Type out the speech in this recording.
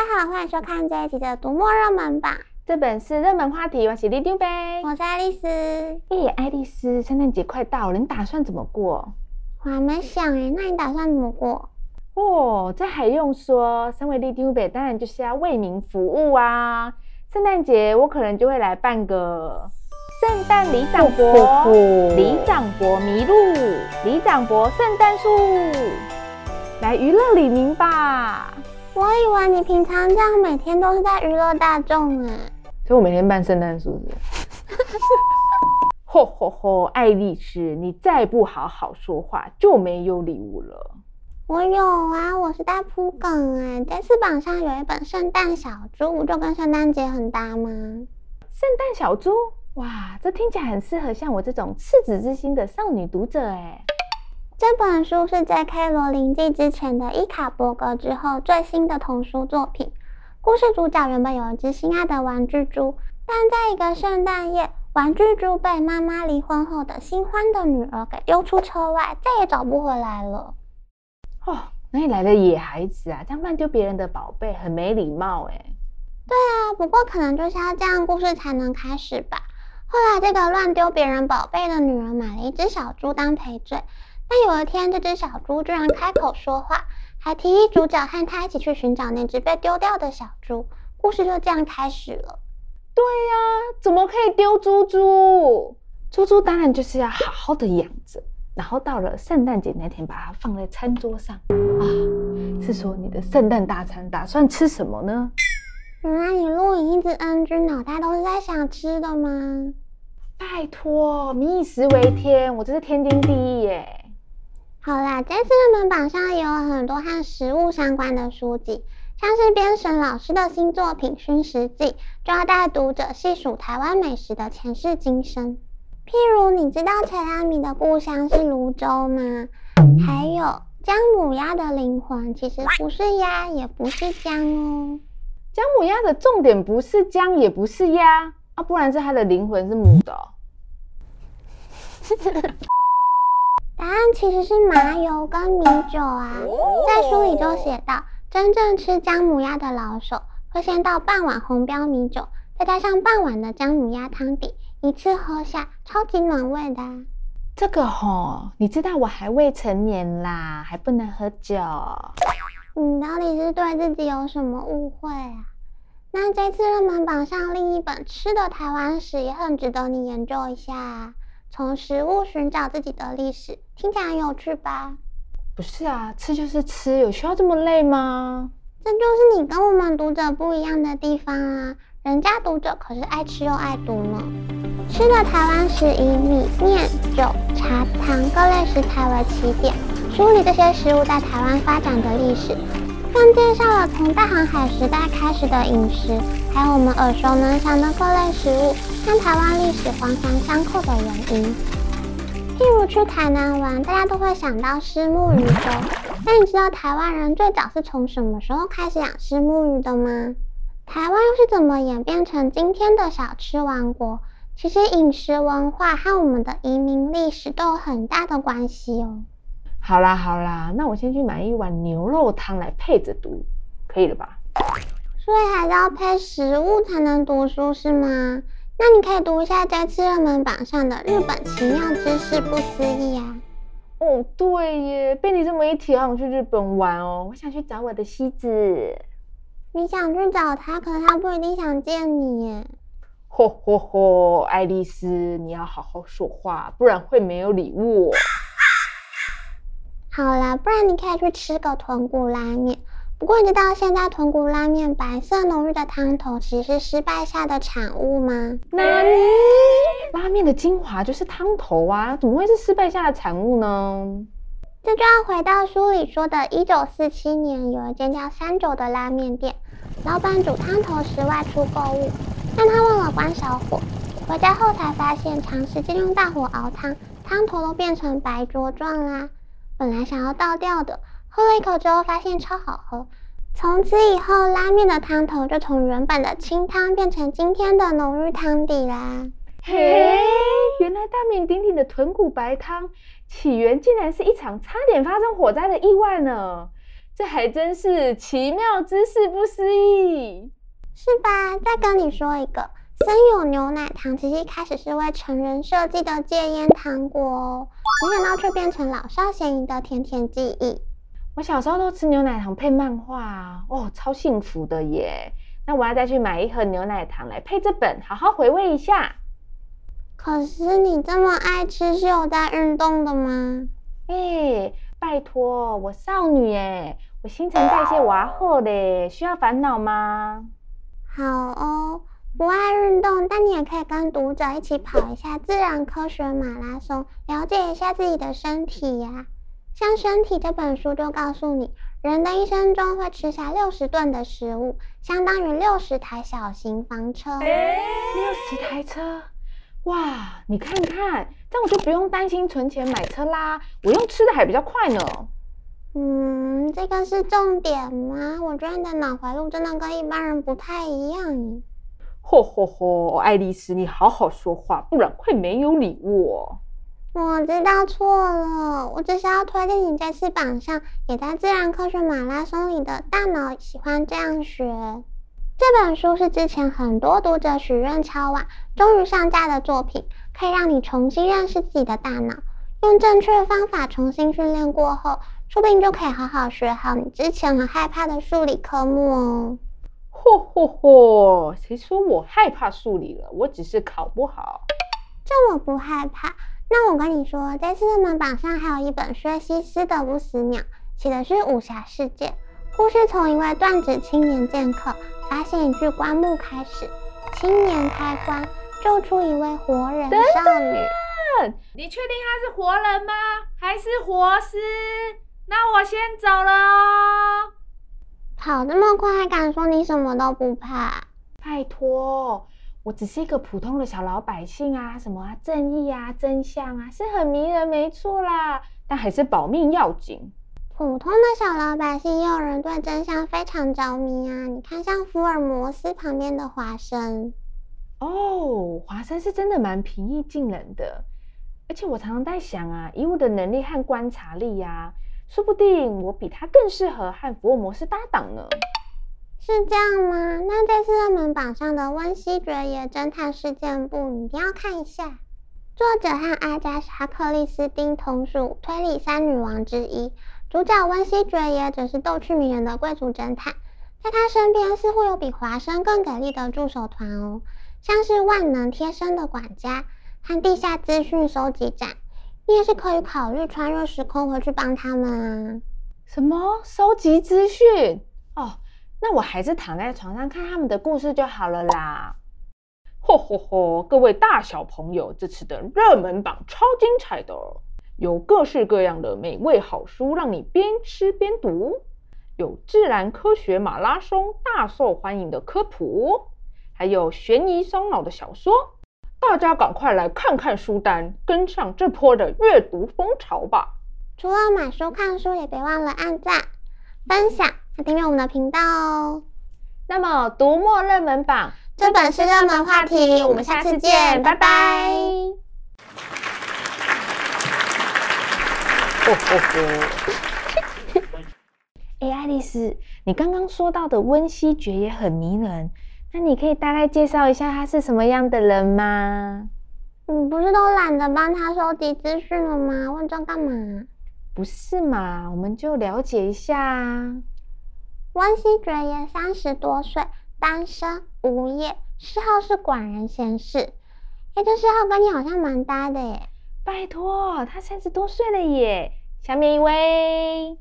大家好，歡迎收看這一集的《讀墨熱門榜》。這本是熱門話題，我是里長伯，我是愛麗絲。咦、欸，愛麗絲，聖誕節快到了，你打算怎麼過？我還沒想哎，那你打算怎麼過？哦，這還用說，身為里長伯，當然就是要為民服務啊！聖誕節我可能就會來辦個聖誕里長伯，里長伯麋鹿，里長伯聖誕樹，來娛樂里民吧。我以為你平常這樣，每天都是在娛樂大眾啊！所以我每天辦聖誕是不是？哈哈哈！吼吼吼！愛麗絲，你再不好好說話，就沒有禮物了。我有啊，我是在鋪梗哎、欸，在翅膀上有一本《聖誕小豬》，就跟聖誕節很搭嗎？聖誕小豬？哇，這聽起來很適合像我這種赤子之心的少女讀者哎、欸。這本書是在 JK 羅琳繼之前的《伊卡伯格》之後最新的童書作品。故事主角原本有一隻心愛的玩具豬，但在一個聖誕夜，玩具豬被媽媽離婚後的新歡的女兒給丟出車外，再也找不回來了。哦，哪裡來的野孩子啊！這樣亂丟別人的寶貝，很沒禮貌欸。對啊，不過可能就是要這樣，故事才能開始吧。後來，這個亂丟別人寶貝的女兒買了一隻小豬當賠罪。但有一天，這隻小豬居然開口說話，還提議主角和他一起去尋找那隻被丟掉的小豬。故事就這樣開始了。對呀、啊，怎麼可以丟豬豬？豬豬當然就是要好好的養着，然後到了聖誕節那天，把它放在餐桌上。啊，是說你的聖誕大餐打算吃什麼呢？原來、嗯啊、你錄影一直嗯嗯，腦袋都是在想吃的嗎？拜托，民以食為天，我這是天經地義耶。好啦，這次熱門榜上也有很多和食物相關的書籍，像是鞭神老師的新作品《尋食記》，就要帶讀者細數台灣美食的前世今生。譬如，你知道切仔麵的故鄉是蘆洲嗎？還有，薑母鴨的靈魂其實不是鴨，也不是薑哦。薑母鴨的重點不是薑，也不是鴨啊，不然，是它的靈魂是母的。 答案其實是麻油跟米酒啊，在書裡就寫到，真正吃薑母鴨的老手，會先倒半碗紅標米酒，再加上半碗的薑母鴨湯底，一次喝下，超級暖胃的啊。這個齁，你知道我還未成年啦，還不能喝酒。你到底是對自己有什麼誤會啊？那這次熱門榜上另一本吃的台灣史，也很值得你研究一下啊。從食物尋找自己的歷史，聽起來很有趣吧？不是啊，吃就是吃，有需要這麼累嗎？這就是你跟我們讀者不一樣的地方啊！人家讀者可是愛吃又愛讀呢。吃的台灣史以米、面、酒、茶、糖各類食材為起點，梳理這些食物在台灣發展的歷史。跟介紹了從大航海時代開始的飲食，還有我們耳熟能詳的各類食物，跟台灣歷史環環相扣的原因。譬如去台南玩，大家都會想到虱目魚粥，但你知道台灣人最早是從什麼時候開始養虱目魚的嗎？台灣又是怎麼演變成今天的小吃王國？其實飲食文化和我們的移民歷史都有很大的關係哦。好啦好啦，那我先去買一碗牛肉湯來配着讀，可以了吧？所以還是要配食物才能讀書是嗎？那你可以讀一下這次熱門榜上的《日本奇妙知識不思議》啊。哦對耶，被你這麼一提，讓我去日本玩哦。我想去找我的妻子。你想去找他，可是他不一定想見你耶。吼吼吼，愛麗絲，你要好好說話，不然會沒有禮物。好了，不然你可以去吃個豚骨拉麵。不過你知道現在豚骨拉麵白色濃郁的湯頭其實是失敗下的產物嗎？哪裡？拉麵的精華就是湯頭啊，怎麼會是失敗下的產物呢？這就要回到書裡說的，一九四七年，有一間叫三九的拉麵店，老闆煮湯頭時外出購物，但他忘了關小火，回家後才發現長時間用大火熬湯，湯頭都變成白濁狀啦、啊。本來想要倒掉的，喝了一口之後發現超好喝，從此以後拉麵的湯頭就從原本的清湯變成今天的濃郁湯底啦。嘿，原來大名鼎鼎的豚骨白湯起源竟然是一場差點發生火災的意外呢！這還真是奇妙知識不思議，是吧？再跟你說一個。真有牛奶糖其實一開始是為成人設計的戒菸糖果哦，沒想到卻變成老少咸宜的甜甜記憶。我小時候都吃牛奶糖配漫畫哦，超幸福的耶！那我要再去買一盒牛奶糖來配這本，好好回味一下。可是你這麼愛吃，是有在運動的嗎？哎、欸，拜托，我少女哎，我新陳代謝娃，好嘞，需要煩惱嗎？好哦。不愛運動，但你也可以跟讀者一起跑一下自然科學馬拉松，了解一下自己的身體呀、啊。像《身體》這本書就告訴你，人的一生中會吃下六十噸的食物，相當於六十台小型房車。哎，六十台車？哇，你看看，這樣我就不用擔心存錢買車啦。我用吃的還比較快呢。嗯，這個是重點嗎？我覺得你的腦回路真的跟一般人不太一樣。嚯嚯嚯！愛麗絲，你好好說話，不然快沒有禮物。我知道錯了，我只是要推薦你在書榜上，也在自然科學馬拉松裡的大腦喜歡這樣學。這本書是之前很多讀者許願敲碗，終於上架的作品，可以讓你重新認識自己的大腦，用正確的方法重新訓練過後，說不定就可以好好學好你之前很害怕的數理科目哦。嚯嚯嚯！誰說我害怕數理了？我只是考不好。這我不害怕。那我跟你說，在書目榜上還有一本薛西斯的《不死鳥》，寫的是武俠世界。故事從一位斷指青年劍客發現一具棺木開始，青年開棺，救出一位活人少女。等等，你確定她是活人嗎？還是活屍？那我先走了哦。跑這麼快，還敢說你什麼都不怕？拜託，我只是一個普通的小老百姓啊！什麼啊，正義啊，真相啊，是很迷人，沒錯啦。但還是保命要緊。普通的小老百姓，也有人對真相非常着迷啊！你看，像福爾摩斯旁邊的華生。哦，華生是真的蠻平易近人的，而且我常常在想啊，以我的能力和觀察力呀、啊。說不定我比他更適合和福爾摩斯搭檔呢，是這樣嗎？那這次熱門榜上的《溫西爵爺偵探事件簿》你一定要看一下。作者和阿加莎克里斯丁同屬推理三女王之一，主角溫西爵爺則是逗趣迷人的貴族偵探，在他身邊似乎有比華生更給力的助手團哦，像是萬能貼身的管家和地下資訊收集站。你也是可以考慮穿越時空回去幫他們啊，什麼收集資訊哦？那我還是躺在床上看他們的故事就好了啦。嚯嚯嚯！各位大小朋友，這次的熱門榜超精彩的，有各式各樣的美味好書讓你邊吃邊讀，有自然科學馬拉松大受歡迎的科普，還有懸疑燒腦的小說。大家趕快來看看書單，跟上這波的閱讀風潮吧！除了買書、看書，也別忘了按讚、分享和訂閱我們的頻道哦。那麼，讀墨熱門榜，這本是熱門話題。我們下次見，拜拜。哦哦哦！哎，愛麗絲，你剛剛說到的溫西爵也很迷人。那你可以大概介紹一下他是什麼樣的人嗎？你不是都懶得幫他收集資訊了嗎？問這幹嘛？不是嘛？我們就了解一下啊。溫西爵爺三十多歲，單身，無業，嗜好是管人閒事。誒，這嗜好跟你好像蠻搭的耶。拜托，他三十多歲了耶。下面一位。